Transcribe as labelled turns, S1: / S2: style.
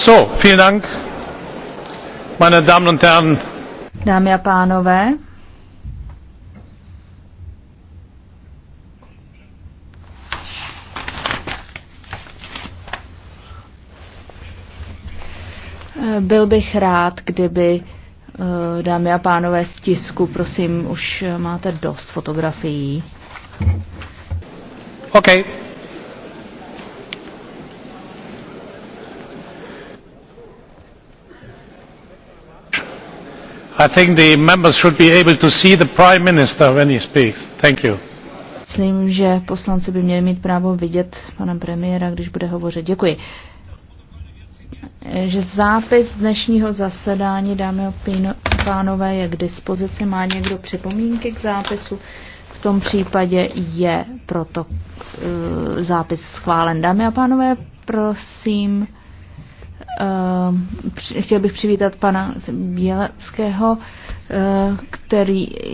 S1: So, vielen Dank, meine Damen und Herren.
S2: Dámy a pánové,
S3: byl bych rád, kdyby, eh, dámy a pánové, z tisku, prosím, už máte dost fotografií. Okay.
S4: I think the members should be able to see the prime minister when he speaks. Thank you.
S3: Myslím, že poslanci by měli mít právo vidět pana premiéra, když bude hovořit. Děkuji. Že zápis dnešního zasedání, dámy a pánové, je k dispozici. Má někdo připomínky k zápisu? V tom případě je proto eh, zápis schválen. Dámy a pánové, prosím chtěl bych přivítat pana Běleckého, eh, který